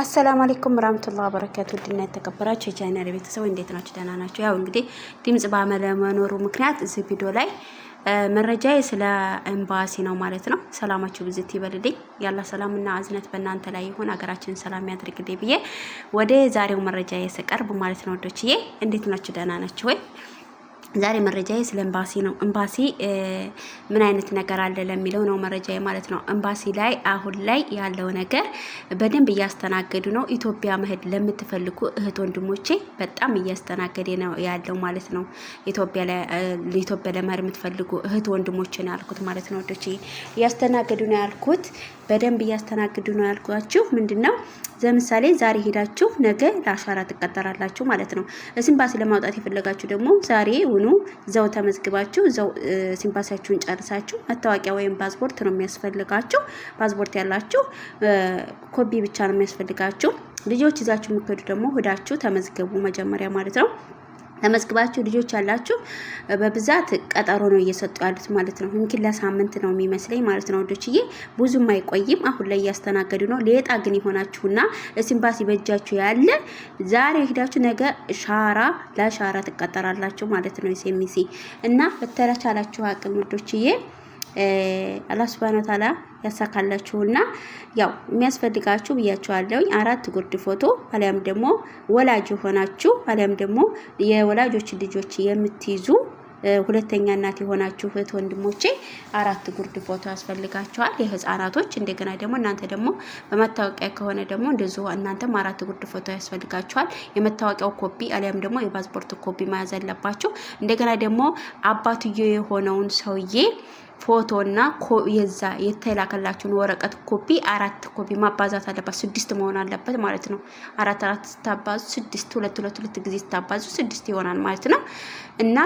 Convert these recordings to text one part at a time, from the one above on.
አሰላም አለይኩም ወራህመቱላሂ ወበረካቱ ድና የተከበራችሁ የቻናል ቤተሰብ እንዴት ናችሁ? ደህና ናችሁ? ያው እንግዲህ ድምጽ ባለመኖሩ ምክንያት እዚህ ቪዲዮ ላይ መረጃዬ ስለ ኤምባሲ ነው ማለት ነው። ሰላማችሁ ብዝት ይበልልኝ። ያላ ሰላምና እዝነት በእናንተ ላይ ይሁን፣ ሀገራችንን ሰላም ያድርግልኝ ብዬ ወደ ዛሬው መረጃ ስቀርብ ማለት ነው ወዶችዬ፣ እንዴት ናችሁ? ደህና ናችሁ ወይ? ዛሬ መረጃ ስለ ኤምባሲ ነው። ኤምባሲ ምን አይነት ነገር አለ ለሚለው ነው መረጃ ማለት ነው። ኤምባሲ ላይ አሁን ላይ ያለው ነገር በደንብ እያስተናገዱ ነው። ኢትዮጵያ መሄድ ለምትፈልጉ እህት ወንድሞቼ በጣም እያስተናገደ ነው ያለው ማለት ነው። ኢትዮጵያ ለመሄድ የምትፈልጉ እህት ወንድሞቼ ነው ያልኩት ማለት ነው። ወዶቼ እያስተናገዱ ነው ያልኩት በደንብ እያስተናግዱ ነው ያልኳችሁ ምንድን ነው? ለምሳሌ ዛሬ ሄዳችሁ ነገ ለአሻራ ትቀጠራላችሁ ማለት ነው። እዚህ ኤምባሲ ለማውጣት የፈለጋችሁ ደግሞ ዛሬ ሆኑ እዛው ተመዝግባችሁ እዛው ሲምፓሲያችሁን ጨርሳችሁ መታወቂያ ወይም ፓስፖርት ነው የሚያስፈልጋችሁ። ፓስፖርት ያላችሁ ኮፒ ብቻ ነው የሚያስፈልጋችሁ። ልጆች ይዛችሁ የምትሄዱ ደግሞ ሁዳችሁ ተመዝገቡ መጀመሪያ ማለት ነው። ተመዝግባችሁ ልጆች ያላችሁ በብዛት ቀጠሮ ነው እየሰጡ ያሉት ማለት ነው። ምንኪን ለሳምንት ነው የሚመስለኝ ማለት ነው ወዶችዬ፣ ብዙም አይቆይም። አሁን ላይ እያስተናገዱ ነው። ሌጣ ግን የሆናችሁና ሲምባሲ በእጃችሁ ያለ ዛሬ ሄዳችሁ ነገ ሻራ ለሻራ ትቀጠራላችሁ ማለት ነው። ሴሚሲ እና በተቻላችሁ አቅም ወዶችዬ አላህ ሱብሃነሁ ወተዓላ ያሳካላችሁና ያው የሚያስፈልጋችሁ ብያችኋለሁ። አራት ጉርድ ፎቶ አሊያም ደግሞ ወላጅ የሆናችሁ አሊያም ደግሞ የወላጆች ልጆች የምትይዙ ሁለተኛ እናት የሆናችሁ እህት ወንድሞቼ አራት ጉርድ ፎቶ ያስፈልጋቸዋል፣ የህፃናቶች እንደገና ደግሞ እናንተ ደግሞ በመታወቂያ ከሆነ ደግሞ እንደዚሁ እናንተም አራት ጉርድ ፎቶ ያስፈልጋቸዋል። የመታወቂያው ኮፒ አሊያም ደግሞ የፓስፖርት ኮፒ መያዝ አለባችሁ። እንደገና ደግሞ አባትዮ የሆነውን ሰውዬ ፎቶ እና የዛ የተላከላችሁን ወረቀት ኮፒ አራት ኮፒ ማባዛት አለባት። ስድስት መሆን አለበት ማለት ነው። አራት አራት ስታባዙ ስድስት፣ ሁለት ሁለት ሁለት ጊዜ ስታባዙ ስድስት ይሆናል ማለት ነው። እና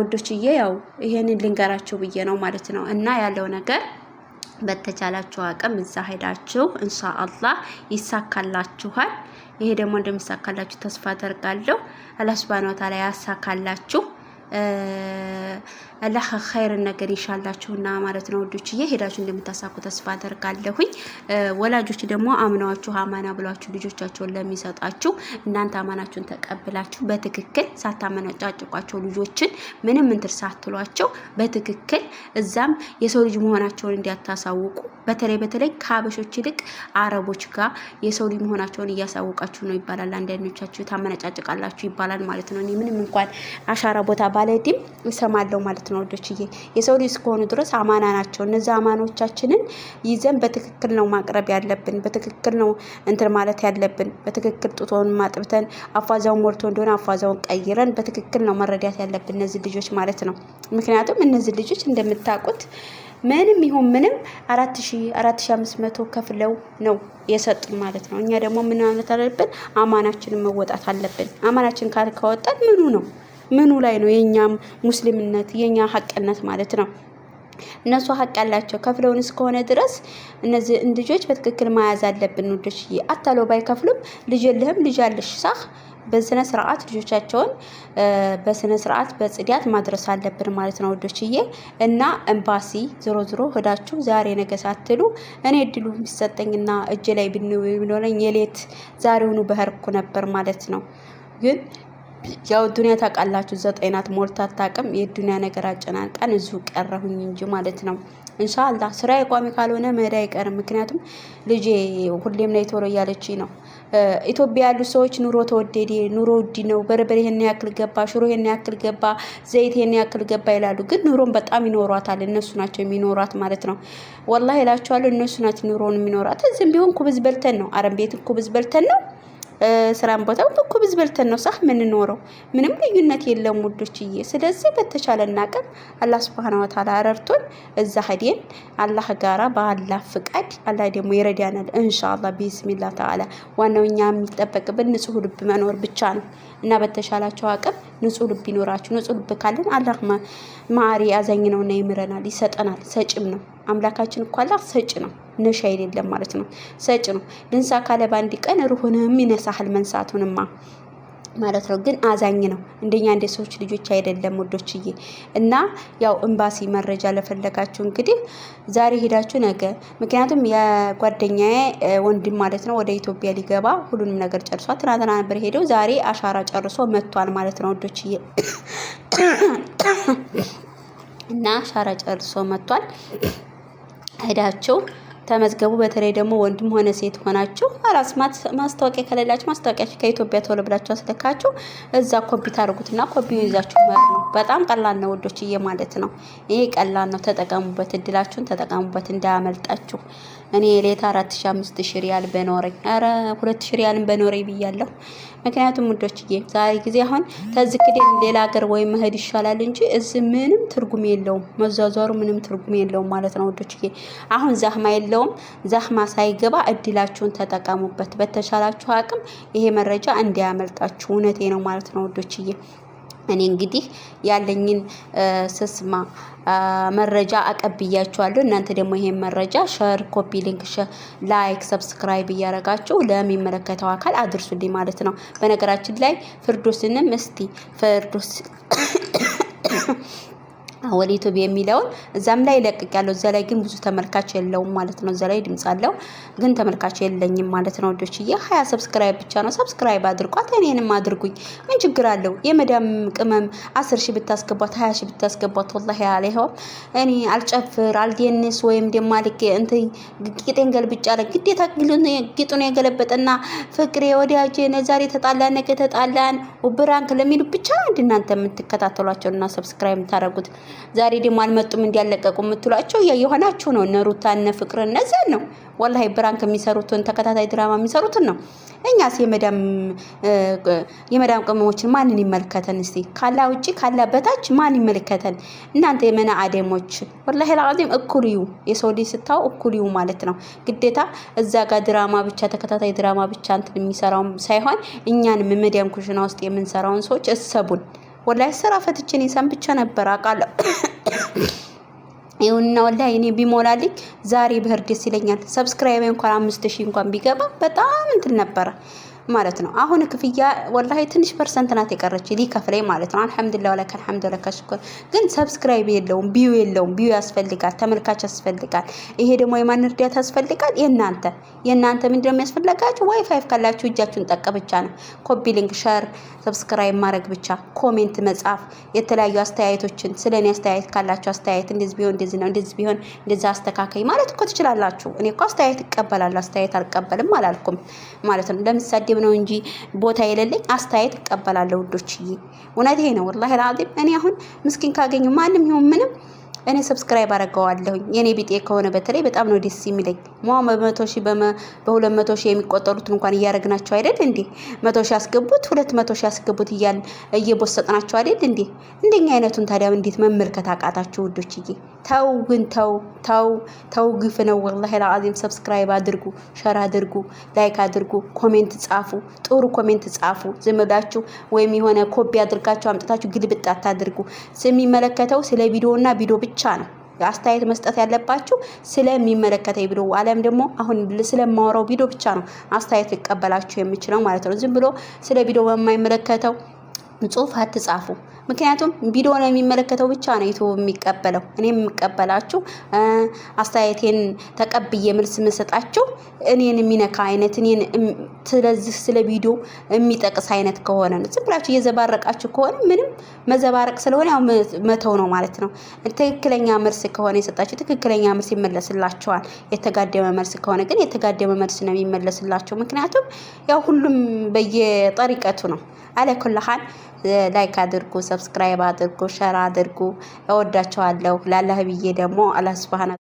ውዶችዬ ያው ይሄንን ልንገራችሁ ብዬ ነው ማለት ነው። እና ያለው ነገር በተቻላችሁ አቅም እዛ ሄዳችሁ እንሻ አላህ ይሳካላችኋል። ይሄ ደግሞ እንደሚሳካላችሁ ተስፋ አደርጋለሁ። አላህ ሱብሃነሁ ወተዓላ ያሳካላችሁ። ለኸይርን ነገር ይሻላችሁና ማለት ነው ወዶችዬ፣ ሄዳችሁ እንደምታሳኩ ተስፋ አደርጋለሁኝ። ወላጆች ደግሞ አምነዋችሁ አማና ብሏችሁ ልጆቻቸውን ለሚሰጣችሁ እናንተ አማናችሁን ተቀብላችሁ በትክክል ሳታመነጫጭቋቸው ልጆችን ምንም እንትር ሳትሏቸው በትክክል እዛም የሰው ልጅ መሆናቸውን እንዲያታሳውቁ በተለይ በተለይ ከሀበሾች ይልቅ አረቦች ጋር የሰው ልጅ መሆናቸውን እያሳወቃችሁ ነው ይባላል። አንዳንዶቻችሁ ታመነጫጭቃላችሁ ይባላል ማለት ነው። ምንም እንኳን አሻራ ቦታ ባለዲም እሰማለሁ ማለት ነው ወዶችዬ። የሰው ልጅ እስከሆኑ ድረስ አማና ናቸው። እነዚህ አማኖቻችንን ይዘን በትክክል ነው ማቅረብ ያለብን፣ በትክክል ነው እንትን ማለት ያለብን። በትክክል ጡቶን ማጥብተን አፏዛውን ሞልቶ እንደሆነ አፏዛውን ቀይረን በትክክል ነው መረዳት ያለብን እነዚህ ልጆች ማለት ነው። ምክንያቱም እነዚህ ልጆች እንደምታውቁት ምንም ይሁን ምንም አራት ሺ አራት ሺ አምስት መቶ ከፍለው ነው የሰጡን ማለት ነው። እኛ ደግሞ ምን ማለት አለብን? አማናችንን መወጣት አለብን። አማናችን ካል ከወጣን ምኑ ነው ምኑ ላይ ነው የእኛም ሙስሊምነት የእኛ ሀቅነት ማለት ነው። እነሱ ሀቅ ያላቸው ከፍለውን እስከሆነ ድረስ እነዚህ ልጆች በትክክል መያዝ አለብን። ውዶች አታለው ባይከፍሉም ልጅ የለህም ልጅ አለሽ ሳህ በስነ ስርዓት ልጆቻቸውን በስነ ስርዓት በጽዳት ማድረስ አለብን ማለት ነው ውዶችዬ። እና ኤምባሲ ዞሮ ዞሮ ሄዳችሁ ዛሬ ነገ ሳትሉ እኔ እድሉ የሚሰጠኝና እጅ ላይ ብንሆነኝ የሌት ዛሬውኑ በህርኩ ነበር ማለት ነው ግን ያው ዱኒያ ታውቃላችሁ፣ ዘጠናት ናት ሞልታ አታውቅም። የዱኒያ ነገር አጨናንቀን እዚሁ ቀረሁኝ እንጂ ማለት ነው። እንሻላ ስራ የቋሚ ካልሆነ መሄድ አይቀርም። ምክንያቱም ልጄ ሁሌም ላይ ቶሎ እያለች ነው። ኢትዮጵያ ያሉ ሰዎች ኑሮ ተወደደ፣ ኑሮ ውድ ነው፣ በርበሬ ይሄን ያክል ገባ፣ ሽሮ ይሄን ያክል ገባ፣ ዘይት ይሄን ያክል ገባ ይላሉ። ግን ኑሮን በጣም ይኖሯታል። እነሱ ናቸው የሚኖሯት ማለት ነው። ወላሂ እላችኋለሁ፣ እነሱ ናቸው ኑሮን የሚኖሯት። እዚህም ቢሆን ኩብዝ በልተን ነው፣ አረም ቤት ኩብዝ በልተን ነው ስራን ቦታ ሁሉ እኮ በልተን ነው ሳህ የምንኖረው። ምንም ልዩነት የለም ውዶችዬ። ስለዚህ በተቻለን አቅም አላህ ሱብሃነሁ ወተዓላ ረድቶን እዛ ሄደን አላህ ጋራ በአላህ ፍቃድ አላህ ደግሞ ይረዳናል ኢንሻአላህ ቢስሚላ ተዓላ። ዋናው እኛ የሚጠበቅብን ንጹህ ልብ መኖር ብቻ ነው እና በተሻላቸው አቅም ንጹህ ልብ ይኖራችሁ። ንጹህ ልብ ካለን አላህ ማሪ አዛኝ ነውና ይምረናል፣ ይሰጠናል። ሰጭም ነው አምላካችን እኮ አላህ ሰጭ ነው። ነሽ አይደለም ማለት ነው። ሰጭ ነው ልንሳ ካለ በአንድ ቀን ሩህንም ይነሳሃል መንሳቱንማ ማለት ነው። ግን አዛኝ ነው። እንደኛ እንደ ሰዎች ልጆች አይደለም ወዶችዬ። እና ያው ኤምባሲ መረጃ ለፈለጋችሁ እንግዲህ ዛሬ ሄዳችሁ ነገ፣ ምክንያቱም የጓደኛዬ ወንድም ማለት ነው ወደ ኢትዮጵያ ሊገባ ሁሉንም ነገር ጨርሷል። ትናንትና ነበር ሄደው ዛሬ አሻራ ጨርሶ መጥቷል ማለት ነው ወዶችዬ። እና አሻራ ጨርሶ መጥቷል ሄዳችሁ ተመዝገቡ። በተለይ ደግሞ ወንድም ሆነ ሴት ሆናችሁ አራስ ማስታወቂያ ከሌላችሁ ማስታወቂያ ከኢትዮጵያ ቶሎ ብላችሁ አስለካችሁ እዛ ኮፒ ታደርጉትና ኮፒ ይዛችሁ ማለት ነው። በጣም ቀላል ነው ወዶችዬ ማለት ነው። ይሄ ቀላል ነው። ተጠቀሙበት፣ እድላችሁን ተጠቀሙበት፣ እንዳያመልጣችሁ። እኔ ሌት አራት ሺ አምስት ሺ ሪያል በኖረኝ ኧረ ሁለት ሺ ሪያልን በኖረኝ ብያለሁ። ምክንያቱም ውዶችዬ ዛሬ ጊዜ አሁን ተዝክደን ሌላ ሀገር ወይም መሄድ ይሻላል እንጂ እዚህ ምንም ትርጉም የለውም መዟዟሩ ምንም ትርጉም የለውም ማለት ነው ውዶችዬ አሁን ዛህማ የለው እንደውም ዛህማ ሳይገባ እድላችሁን ተጠቀሙበት። በተሻላችሁ አቅም ይሄ መረጃ እንዲያመልጣችሁ። እውነቴ ነው ማለት ነው ወዶችዬ። እኔ እንግዲህ ያለኝን ስስማ መረጃ አቀብያችኋለሁ። እናንተ ደግሞ ይሄን መረጃ ሸር፣ ኮፒ ሊንክ፣ ላይክ፣ ሰብስክራይብ እያረጋችሁ ለሚመለከተው አካል አድርሱልኝ ማለት ነው። በነገራችን ላይ ፍርዶስንም እስቲ ፍርዶስ ወደ ዩቲዩብ የሚለውን እዛም ላይ ለቅቅ ያለው እዛ ላይ ግን ብዙ ተመልካች የለውም ማለት ነው። እዛ ላይ ድምጽ አለው ግን ተመልካች የለኝም ማለት ነው። ወዶች ወዶችዬ ሀያ ሰብስክራይብ ብቻ ነው። ሰብስክራይብ አድርጓት፣ እኔንም አድርጉኝ። ምን ችግር አለው? የመዳም ቅመም አስር ሺህ ብታስገቧት፣ ሀያ ሺህ ብታስገቧት፣ ወላሂ አለይሆም እኔ አልጨፍር አልደንስ ወይም ደግሞ አልክ እንትን ጌጤን ገልብጫለ። ግዴታ ጌጡን የገለበጠና ፍቅሬ ወዳጄ ዛሬ ተጣላን ነገ ተጣላን ብራንክ ለሚሉ ብቻ አንድ እናንተ የምትከታተሏቸውና ሰብስክራይብ የምታደርጉት ዛሬ ደግሞ አልመጡም እንዲያለቀቁ የምትሏቸው የሆናቸው ነው። እነ ሩታ እነ ፍቅር እነዚያን ነው ወላሂ ብራንክ የሚሰሩትን ተከታታይ ድራማ የሚሰሩትን ነው። እኛስ የመዳም ቅመሞችን ማንን ይመልከተን? እስቲ ካላ ውጭ ካላ በታች ማን ይመልከተን? እናንተ የመና አደሞች ወላሂ ላዚም እኩልዩ የሰው ልጅ ስታው እኩልዩ ማለት ነው። ግዴታ እዛ ጋር ድራማ ብቻ ተከታታይ ድራማ ብቻ እንትን የሚሰራውን ሳይሆን እኛንም የመዳም ኩሽና ውስጥ የምንሰራውን ሰዎች እሰቡን። ወላሂ ስራ ፈትቼ እኔ ሰንብቼ ነበር አውቃለሁ። ይሁንና ወላሂ እኔ ቢሞላልኝ ዛሬ ብሄር ደስ ይለኛል። ሰብስክራይብ እንኳን አምስት ሺህ እንኳን ቢገባ በጣም እንትን ነበረ። ማለት ነው። አሁን ክፍያ ወላሂ ትንሽ ፐርሰንት ናት የቀረች ሊከፍለኝ ማለት ነው። አልሐምዱሊላህ ወለከ አልሐምዱሊላህ ወለከ ሽኩር። ግን ሰብስክራይብ የለውም ቢዩ የለውም። ቢዩ ያስፈልጋል፣ ተመልካች ያስፈልጋል። ይሄ ደግሞ የማን እርዳታ ያስፈልጋል? የእናንተ የእናንተ ምንድነው የሚያስፈልጋችሁ? ዋይፋይ ካላችሁ እጃችሁን ጠቀ ብቻ ነው። ኮፒ ሊንክ፣ ሸር፣ ሰብስክራይብ ማድረግ ብቻ ኮሜንት መጻፍ፣ የተለያዩ አስተያየቶችን ስለ እኔ አስተያየት ካላችሁ አስተያየት እንደዚህ ቢሆን እንደዚህ ነው እንደዚህ ቢሆን እንደዚህ አስተካካይ ማለት እኮ ትችላላችሁ። እኔ እኮ አስተያየት እቀበላለሁ፣ አስተያየት አልቀበልም አላልኩም ማለት ነው። ለምሳሌ ስድብ ነው እንጂ ቦታ የሌለኝ አስተያየት እቀበላለሁ። ውዶችዬ፣ ይሄ ነው። ወላሂ ራዚም እኔ አሁን ምስኪን ካገኘው ማንም ይሁን ምንም እኔ ሰብስክራይብ አደርገዋለሁኝ። የኔ ቢጤ ከሆነ በተለይ በጣም ነው ደስ የሚለኝ። ሟ በመቶ ሺ በሁለት መቶ ሺ የሚቆጠሩትን እንኳን እያደረግናቸው አይደል እንዴ? መቶ ሺ አስገቡት፣ ሁለት መቶ ሺ አስገቡት እያል እየቦሰጥናቸው አይደል እንዴ? እንደኛ አይነቱን ታዲያ እንዴት መመልከት አቃታችሁ ውዶችዬ? ተው ግን ተው ተው ተው፣ ግፍ ነው ወላሂ ለአዚም። ሰብስክራይብ አድርጉ፣ ሸር አድርጉ፣ ላይክ አድርጉ፣ ኮሜንት ጻፉ፣ ጥሩ ኮሜንት ጻፉ። ዝም ወይም የሆነ ኮቢ አድርጋችሁ አምጥታችሁ ግልብጥ አታድርጉ። ስለሚመለከተው ስለ ቪዲዮ ቪዲዮና ቪዲዮ ብቻ ብቻ ነው አስተያየት መስጠት ያለባችሁ ስለሚመለከተኝ ብሎ አለም ደግሞ አሁን ስለማወራው ቪዲዮ ብቻ ነው አስተያየት ሊቀበላችሁ የሚችለው ማለት ነው። ዝም ብሎ ስለ ቪዲዮ በማይመለከተው ጽሁፍ አትጻፉ። ምክንያቱም ቪዲዮ ነው የሚመለከተው ብቻ ነው ዩቱብ የሚቀበለው። እኔም የምቀበላችሁ አስተያየቴን ተቀብዬ መልስ የምሰጣችሁ እኔን የሚነካ አይነት እኔን ስለዚህ ስለ ቪዲዮ የሚጠቅስ አይነት ከሆነ ነው። ዝም ብላችሁ እየዘባረቃችሁ ከሆነ ምንም መዘባረቅ ስለሆነ ያው መተው ነው ማለት ነው። ትክክለኛ መልስ ከሆነ የሰጣችሁ ትክክለኛ መልስ ይመለስላችኋል። የተጋደመ መልስ ከሆነ ግን የተጋደመ መልስ ነው የሚመለስላችሁ። ምክንያቱም ያው ሁሉም በየጠሪቀቱ ነው አለኩልሃል ላይክ አድርጉ፣ ሰብስክራይብ አድርጉ፣ ሸር አድርጉ። እወዳቸዋለሁ። ላላህ ብዬ ደግሞ አላህ